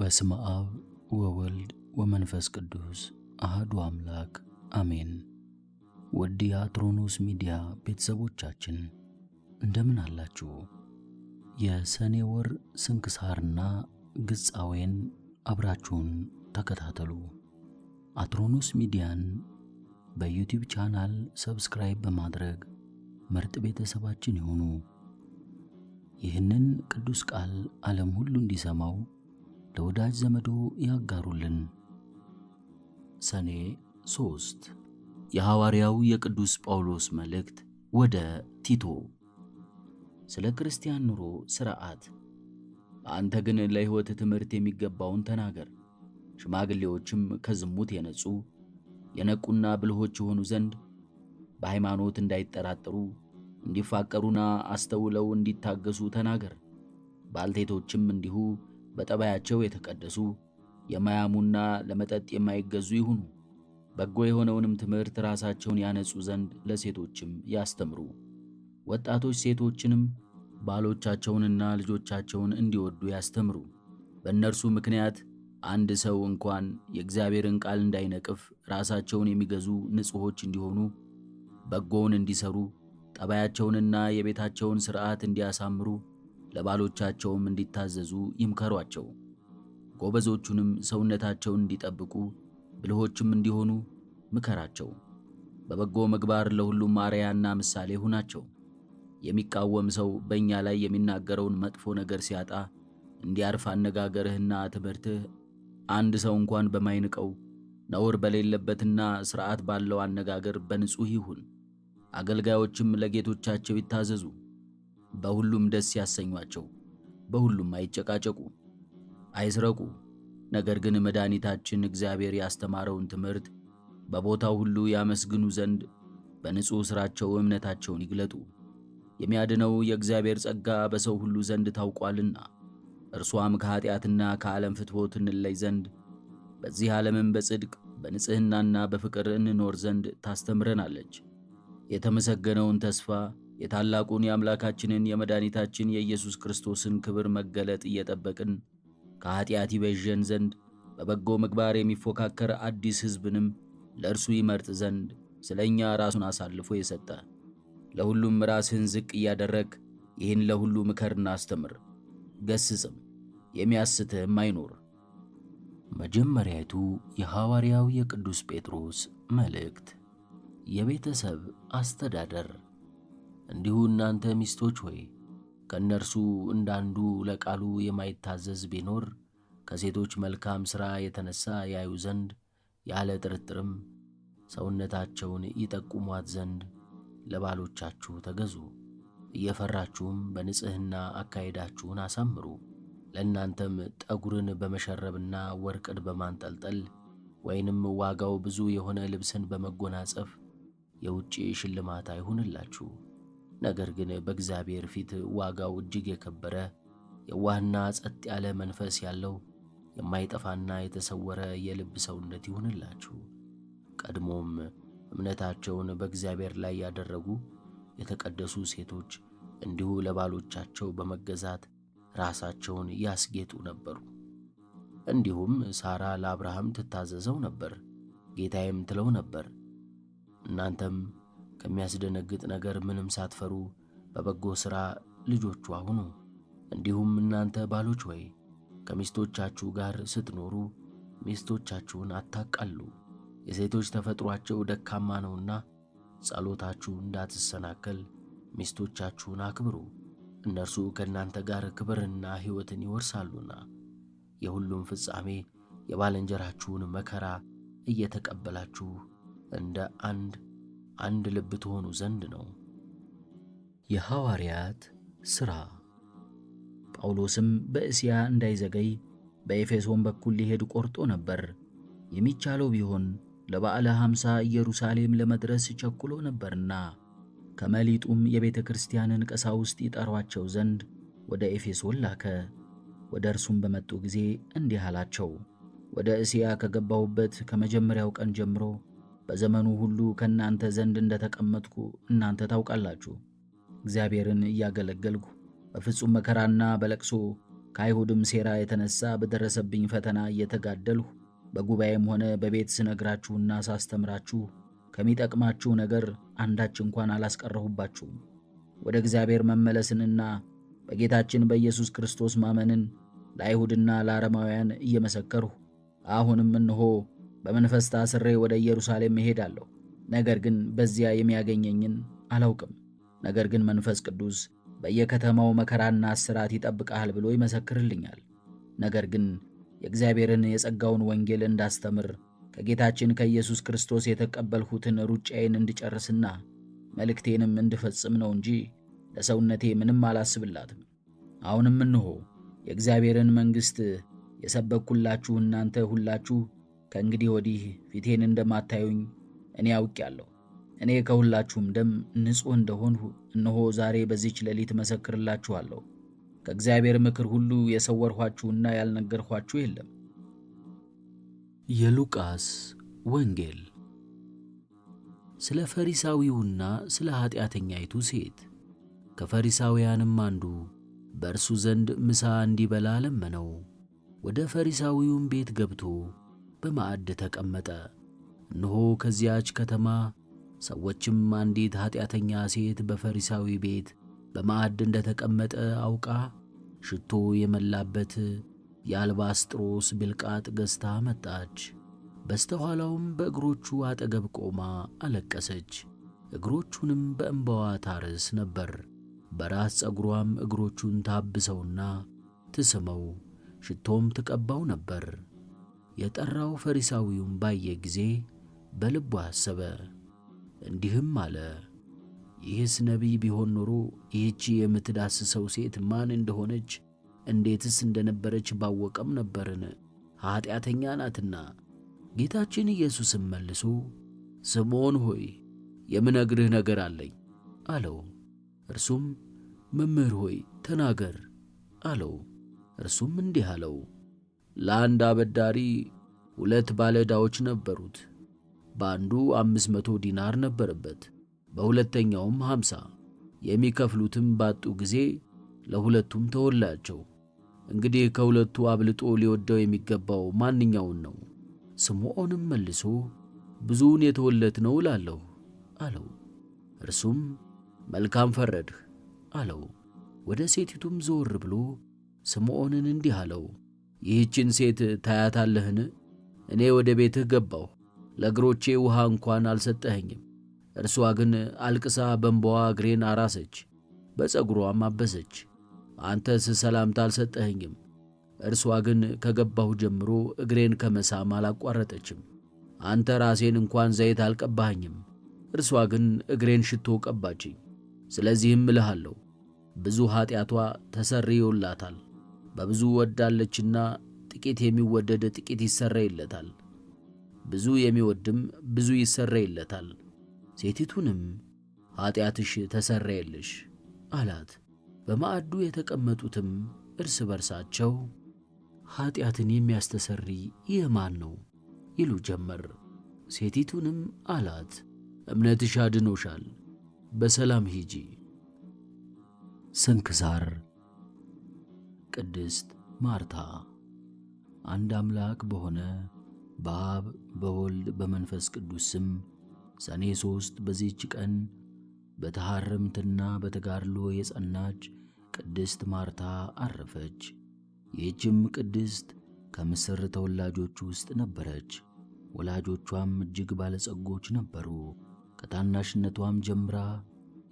በስመ አብ ወወልድ ወመንፈስ ቅዱስ አህዱ አምላክ አሜን። ውድ የአትሮኖስ ሚዲያ ቤተሰቦቻችን እንደምን አላችሁ? የሰኔ ወር ስንክሳርና ግጻዌን አብራችሁን ተከታተሉ። አትሮኖስ ሚዲያን በዩቲዩብ ቻናል ሰብስክራይብ በማድረግ ምርጥ ቤተሰባችን ይሁኑ። ይህንን ቅዱስ ቃል ዓለም ሁሉ እንዲሰማው ለወዳጅ ዘመዶ ያጋሩልን። ሰኔ ሶስት የሐዋርያው የቅዱስ ጳውሎስ መልእክት ወደ ቲቶ። ስለ ክርስቲያን ኑሮ ሥርዓት። አንተ ግን ለሕይወት ትምህርት የሚገባውን ተናገር። ሽማግሌዎችም ከዝሙት የነጹ የነቁና ብልሆች የሆኑ ዘንድ በሃይማኖት እንዳይጠራጠሩ እንዲፋቀሩና አስተውለው እንዲታገሱ ተናገር። ባልቴቶችም እንዲሁ በጠባያቸው የተቀደሱ የማያሙና ለመጠጥ የማይገዙ ይሁኑ። በጎ የሆነውንም ትምህርት ራሳቸውን ያነጹ ዘንድ ለሴቶችም ያስተምሩ። ወጣቶች ሴቶችንም ባሎቻቸውንና ልጆቻቸውን እንዲወዱ ያስተምሩ። በእነርሱ ምክንያት አንድ ሰው እንኳን የእግዚአብሔርን ቃል እንዳይነቅፍ ራሳቸውን የሚገዙ ንጹሖች እንዲሆኑ በጎውን እንዲሰሩ ጠባያቸውንና የቤታቸውን ሥርዓት እንዲያሳምሩ ለባሎቻቸውም እንዲታዘዙ ይምከሯቸው። ጎበዞቹንም ሰውነታቸውን እንዲጠብቁ ብልሆችም እንዲሆኑ ምከራቸው። በበጎ ምግባር ለሁሉም አርያና ምሳሌ ሁናቸው። የሚቃወም ሰው በእኛ ላይ የሚናገረውን መጥፎ ነገር ሲያጣ እንዲያርፍ አነጋገርህና ትምህርትህ አንድ ሰው እንኳን በማይንቀው ነውር በሌለበትና ሥርዓት ባለው አነጋገር በንጹሕ ይሁን። አገልጋዮችም ለጌቶቻቸው ይታዘዙ። በሁሉም ደስ ያሰኟቸው፣ በሁሉም አይጨቃጨቁ፣ አይስረቁ። ነገር ግን መድኃኒታችን እግዚአብሔር ያስተማረውን ትምህርት በቦታው ሁሉ ያመስግኑ ዘንድ በንጹሕ ሥራቸው እምነታቸውን ይግለጡ። የሚያድነው የእግዚአብሔር ጸጋ በሰው ሁሉ ዘንድ ታውቋልና እርሷም ከኀጢአትና ከዓለም ፍትወት እንለይ ዘንድ በዚህ ዓለምም በጽድቅ በንጽሕናና በፍቅር እንኖር ዘንድ ታስተምረናለች። የተመሰገነውን ተስፋ የታላቁን የአምላካችንን የመድኃኒታችን የኢየሱስ ክርስቶስን ክብር መገለጥ እየጠበቅን ከኀጢአት ይቤዠን ዘንድ በበጎ ምግባር የሚፎካከር አዲስ ሕዝብንም ለእርሱ ይመርጥ ዘንድ ስለ እኛ ራሱን አሳልፎ የሰጠ ለሁሉም ራስህን ዝቅ እያደረግ ይህን ለሁሉ ምከርና አስተምር፣ ገስጽም፣ የሚያስትህም አይኖር። መጀመሪያይቱ የሐዋርያው የቅዱስ ጴጥሮስ መልእክት የቤተሰብ አስተዳደር እንዲሁ እናንተ ሚስቶች ሆይ ከእነርሱ እንዳንዱ ለቃሉ የማይታዘዝ ቢኖር ከሴቶች መልካም ሥራ የተነሣ ያዩ ዘንድ ያለ ጥርጥርም ሰውነታቸውን ይጠቁሟት ዘንድ ለባሎቻችሁ ተገዙ። እየፈራችሁም በንጽሕና አካሄዳችሁን አሳምሩ። ለእናንተም ጠጉርን በመሸረብና ወርቅን በማንጠልጠል ወይንም ዋጋው ብዙ የሆነ ልብስን በመጎናጸፍ የውጭ ሽልማት አይሁንላችሁ። ነገር ግን በእግዚአብሔር ፊት ዋጋው እጅግ የከበረ የዋህና ጸጥ ያለ መንፈስ ያለው የማይጠፋና የተሰወረ የልብ ሰውነት ይሁንላችሁ። ቀድሞም እምነታቸውን በእግዚአብሔር ላይ ያደረጉ የተቀደሱ ሴቶች እንዲሁ ለባሎቻቸው በመገዛት ራሳቸውን ያስጌጡ ነበሩ። እንዲሁም ሳራ ለአብርሃም ትታዘዘው ነበር፣ ጌታዬም ትለው ነበር። እናንተም ከሚያስደነግጥ ነገር ምንም ሳትፈሩ በበጎ ሥራ ልጆቿ ሁኑ። እንዲሁም እናንተ ባሎች ሆይ ከሚስቶቻችሁ ጋር ስትኖሩ ሚስቶቻችሁን አታቃሉ፣ የሴቶች ተፈጥሯቸው ደካማ ነውና፣ ጸሎታችሁ እንዳትሰናከል ሚስቶቻችሁን አክብሩ፣ እነርሱ ከእናንተ ጋር ክብርና ሕይወትን ይወርሳሉና። የሁሉም ፍጻሜ የባልንጀራችሁን መከራ እየተቀበላችሁ እንደ አንድ አንድ ልብ ትሆኑ ዘንድ ነው። የሐዋርያት ሥራ። ጳውሎስም በእስያ እንዳይዘገይ በኤፌሶን በኩል ሊሄድ ቆርጦ ነበር። የሚቻለው ቢሆን ለበዓለ ሐምሳ ኢየሩሳሌም ለመድረስ ቸኩሎ ነበርና ከመሊጡም የቤተ ክርስቲያንን ቀሳውስት ይጠሯቸው ዘንድ ወደ ኤፌሶን ላከ። ወደ እርሱም በመጡ ጊዜ እንዲህ አላቸው፣ ወደ እስያ ከገባሁበት ከመጀመሪያው ቀን ጀምሮ በዘመኑ ሁሉ ከእናንተ ዘንድ እንደተቀመጥኩ እናንተ ታውቃላችሁ። እግዚአብሔርን እያገለገልኩ በፍጹም መከራና በለቅሶ ከአይሁድም ሴራ የተነሳ በደረሰብኝ ፈተና እየተጋደልሁ በጉባኤም ሆነ በቤት ስነግራችሁና ሳስተምራችሁ ከሚጠቅማችሁ ነገር አንዳች እንኳን አላስቀረሁባችሁም። ወደ እግዚአብሔር መመለስንና በጌታችን በኢየሱስ ክርስቶስ ማመንን ለአይሁድና ለአረማውያን እየመሰከርሁ አሁንም እንሆ በመንፈስ ታስሬ ወደ ኢየሩሳሌም እሄዳለሁ፣ ነገር ግን በዚያ የሚያገኘኝን አላውቅም። ነገር ግን መንፈስ ቅዱስ በየከተማው መከራና እስራት ይጠብቅሃል ብሎ ይመሰክርልኛል። ነገር ግን የእግዚአብሔርን የጸጋውን ወንጌል እንዳስተምር ከጌታችን ከኢየሱስ ክርስቶስ የተቀበልሁትን ሩጫዬን እንድጨርስና መልእክቴንም እንድፈጽም ነው እንጂ ለሰውነቴ ምንም አላስብላትም። አሁንም እንሆ የእግዚአብሔርን መንግሥት የሰበኩላችሁ እናንተ ሁላችሁ ከእንግዲህ ወዲህ ፊቴን እንደማታዩኝ እኔ አውቄአለሁ። እኔ ከሁላችሁም ደም ንጹሕ እንደሆንሁ እነሆ ዛሬ በዚች ሌሊት መሰክርላችኋለሁ። ከእግዚአብሔር ምክር ሁሉ የሰወርኋችሁና ያልነገርኋችሁ የለም። የሉቃስ ወንጌል ስለ ፈሪሳዊውና ስለ ኀጢአተኛይቱ ሴት። ከፈሪሳውያንም አንዱ በእርሱ ዘንድ ምሳ እንዲበላ ለመነው። ወደ ፈሪሳዊውም ቤት ገብቶ በማዕድ ተቀመጠ። እነሆ ከዚያች ከተማ ሰዎችም አንዲት ኀጢአተኛ ሴት በፈሪሳዊ ቤት በማዕድ እንደ ተቀመጠ አውቃ ሽቶ የመላበት የአልባስጥሮስ ብልቃጥ ገዝታ መጣች። በስተኋላውም በእግሮቹ አጠገብ ቆማ አለቀሰች። እግሮቹንም በእንባዋ ታርስ ነበር። በራስ ጸጉሯም እግሮቹን ታብሰውና ትስመው ሽቶም ትቀባው ነበር። የጠራው ፈሪሳዊውም ባየ ጊዜ በልቡ አሰበ፣ እንዲህም አለ ይህስ ነቢይ ቢሆን ኖሮ ይህቺ የምትዳስሰው ሴት ማን እንደሆነች እንዴትስ እንደነበረች ባወቀም ነበርን፣ ኀጢአተኛ ናትና። ጌታችን ኢየሱስም መልሶ ስምዖን ሆይ የምነግርህ ነገር አለኝ አለው። እርሱም መምህር ሆይ ተናገር አለው። እርሱም እንዲህ አለው ለአንድ አበዳሪ ሁለት ባለዕዳዎች ነበሩት። በአንዱ አምስት መቶ ዲናር ነበረበት፣ በሁለተኛውም ሀምሳ የሚከፍሉትም ባጡ ጊዜ ለሁለቱም ተወላቸው። እንግዲህ ከሁለቱ አብልጦ ሊወደው የሚገባው ማንኛውን ነው? ስምዖንም መልሶ ብዙውን ነው እላለሁ አለው። እርሱም መልካም ፈረድህ አለው። ወደ ሴቲቱም ዞር ብሎ ስምዖንን እንዲህ አለው፣ ይህችን ሴት ታያታለህን? እኔ ወደ ቤትህ ገባሁ፣ ለእግሮቼ ውሃ እንኳን አልሰጠኸኝም። እርሷ ግን አልቅሳ በንባዋ እግሬን አራሰች፣ በፀጉሯም አበሰች። አንተስ ሰላምታ አልሰጠኸኝም። እርሷ ግን ከገባሁ ጀምሮ እግሬን ከመሳም አላቋረጠችም። አንተ ራሴን እንኳን ዘይት አልቀባኸኝም። እርሷ ግን እግሬን ሽቶ ቀባችኝ። ስለዚህም እልሃለሁ ብዙ ኀጢአቷ ተሰርዮላታል። በብዙ ወዳለችና ጥቂት የሚወደድ ጥቂት ይሰረይለታል፣ ብዙ የሚወድም ብዙ ይሰረይለታል። ሴቲቱንም ኀጢአትሽ ተሰረየልሽ አላት። በማዕዱ የተቀመጡትም እርስ በርሳቸው ኀጢአትን የሚያስተሰሪ ይህ ማን ነው ይሉ ጀመር። ሴቲቱንም አላት፣ እምነትሽ አድኖሻል፣ በሰላም ሂጂ። ስንክሳር ቅድስት ማርታ። አንድ አምላክ በሆነ በአብ በወልድ በመንፈስ ቅዱስ ስም ሰኔ ሦስት በዚህች ቀን በተሐርምትና በተጋድሎ የጸናች ቅድስት ማርታ አረፈች። ይህችም ቅድስት ከምስር ተወላጆች ውስጥ ነበረች። ወላጆቿም እጅግ ባለጸጎች ነበሩ። ከታናሽነቷም ጀምራ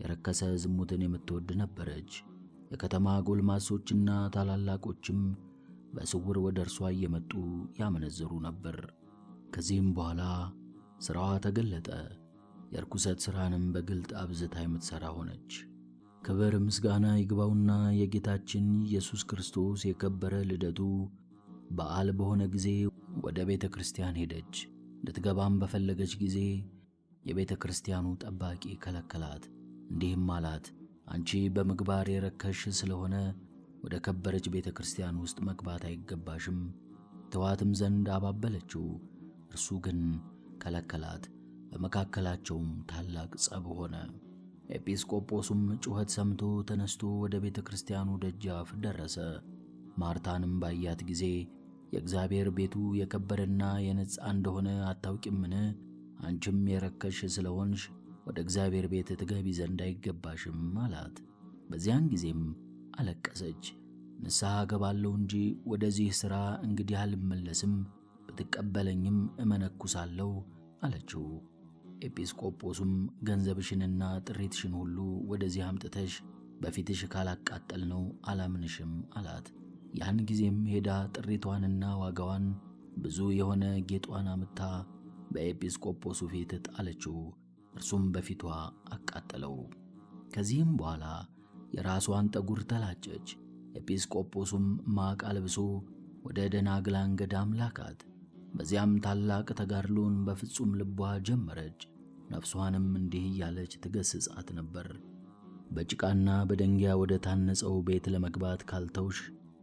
የረከሰ ዝሙትን የምትወድ ነበረች። የከተማ ጎልማሶችና ታላላቆችም በስውር ወደ እርሷ እየመጡ ያመነዝሩ ነበር። ከዚህም በኋላ ሥራዋ ተገለጠ። የርኩሰት ሥራንም በግልጥ አብዝታ የምትሠራ ሆነች። ክብር ምስጋና ይግባውና የጌታችን ኢየሱስ ክርስቶስ የከበረ ልደቱ በዓል በሆነ ጊዜ ወደ ቤተ ክርስቲያን ሄደች። ልትገባም በፈለገች ጊዜ የቤተ ክርስቲያኑ ጠባቂ ከለከላት፣ እንዲህም አላት አንቺ በምግባር የረከሽ ስለሆነ ወደ ከበረች ቤተ ክርስቲያን ውስጥ መግባት አይገባሽም፣ ተዋትም ዘንድ አባበለችው። እርሱ ግን ከለከላት። በመካከላቸውም ታላቅ ጸብ ሆነ። ኤጲስቆጶሱም ጩኸት ሰምቶ ተነስቶ ወደ ቤተ ክርስቲያኑ ደጃፍ ደረሰ። ማርታንም ባያት ጊዜ የእግዚአብሔር ቤቱ የከበረና የነጻ እንደሆነ አታውቂምን? አንቺም የረከሽ ስለሆንሽ ወደ እግዚአብሔር ቤት ትገቢ ዘንድ አይገባሽም አላት። በዚያን ጊዜም አለቀሰች። ንስሐ ገባለሁ እንጂ ወደዚህ ሥራ እንግዲህ አልመለስም፣ ብትቀበለኝም እመነኩሳለሁ አለችው። ኤጲስቆጶሱም ገንዘብሽንና ጥሪትሽን ሁሉ ወደዚህ አምጥተሽ በፊትሽ ካላቃጠል ነው አላምንሽም አላት። ያን ጊዜም ሄዳ ጥሪቷንና ዋጋዋን ብዙ የሆነ ጌጧን አምታ በኤጲስቆጶሱ ፊት ጣለችው። እርሱም በፊቷ አቃጠለው። ከዚህም በኋላ የራሷን ጠጉር ተላጨች። ኤጲስቆጶሱም ማቅ አልብሶ ወደ ደናግላን ገዳም ላካት። በዚያም ታላቅ ተጋድሎን በፍጹም ልቧ ጀመረች። ነፍሷንም እንዲህ እያለች ትገስጻት ነበር። በጭቃና በደንጊያ ወደ ታነጸው ቤት ለመግባት ካልተውሽ፣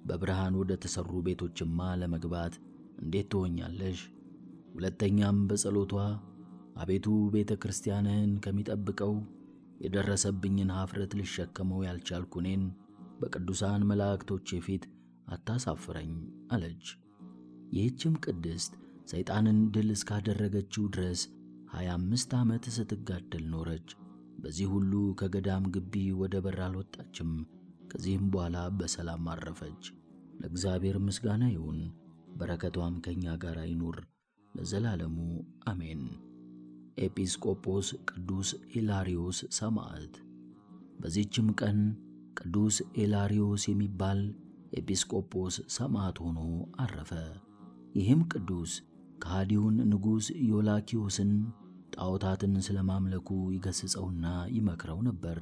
በብርሃን ወደ ተሠሩ ቤቶችማ ለመግባት እንዴት ትሆኛለሽ? ሁለተኛም በጸሎቷ አቤቱ ቤተ ክርስቲያንህን ከሚጠብቀው የደረሰብኝን ሀፍረት ልሸከመው ያልቻልኩ እኔን በቅዱሳን መላእክቶቼ ፊት አታሳፍረኝ አለች። ይህችም ቅድስት ሰይጣንን ድል እስካደረገችው ድረስ ሀያ አምስት ዓመት ስትጋደል ኖረች። በዚህ ሁሉ ከገዳም ግቢ ወደ በር አልወጣችም። ከዚህም በኋላ በሰላም አረፈች። ለእግዚአብሔር ምስጋና ይሁን፣ በረከቷም ከእኛ ጋር ይኑር ለዘላለሙ አሜን። ኤጲስቆጶስ ቅዱስ ኤላሪዮስ ሰማዕት። በዚህችም ቀን ቅዱስ ኤላሪዮስ የሚባል ኤጲስቆጶስ ሰማዕት ሆኖ አረፈ። ይህም ቅዱስ ከሃዲውን ንጉሥ ዮላኪዮስን ጣዖታትን ስለማምለኩ ይገሥጸውና ይመክረው ነበር።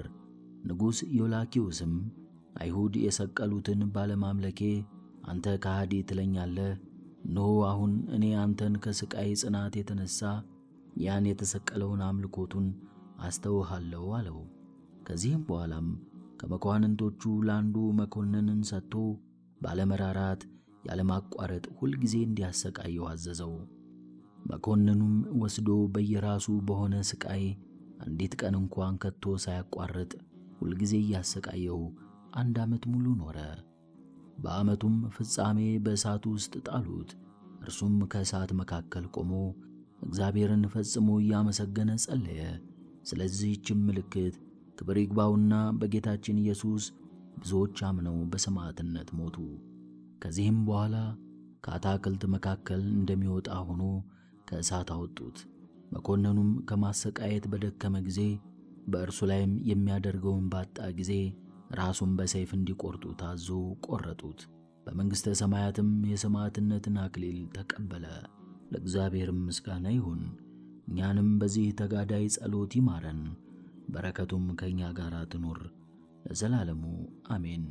ንጉሥ ዮላኪዮስም አይሁድ የሰቀሉትን ባለማምለኬ አንተ ከሃዲ ትለኛለህ? እነሆ አሁን እኔ አንተን ከሥቃይ ጽናት የተነሣ ያን የተሰቀለውን አምልኮቱን አስተውሃለሁ አለው። ከዚህም በኋላም ከመኳንንቶቹ ለአንዱ መኮንንን ሰጥቶ ባለመራራት ያለማቋረጥ ሁልጊዜ እንዲያሰቃየው አዘዘው። መኮንኑም ወስዶ በየራሱ በሆነ ስቃይ አንዲት ቀን እንኳን ከቶ ሳያቋርጥ ሁልጊዜ እያሰቃየው አንድ ዓመት ሙሉ ኖረ። በዓመቱም ፍጻሜ በእሳት ውስጥ ጣሉት። እርሱም ከእሳት መካከል ቆሞ እግዚአብሔርን ፈጽሞ እያመሰገነ ጸለየ። ስለዚህችም ምልክት ክብር ይግባውና በጌታችን ኢየሱስ ብዙዎች አምነው በሰማዕትነት ሞቱ። ከዚህም በኋላ ከአታክልት መካከል እንደሚወጣ ሆኖ ከእሳት አወጡት። መኮንኑም ከማሰቃየት በደከመ ጊዜ በእርሱ ላይም የሚያደርገውን ባጣ ጊዜ ራሱን በሰይፍ እንዲቆርጡ ታዞ ቆረጡት። በመንግሥተ ሰማያትም የሰማዕትነትን አክሊል ተቀበለ። ለእግዚአብሔር ምስጋና ይሁን። እኛንም በዚህ ተጋዳይ ጸሎት ይማረን፣ በረከቱም ከእኛ ጋር ትኑር ለዘላለሙ አሜን።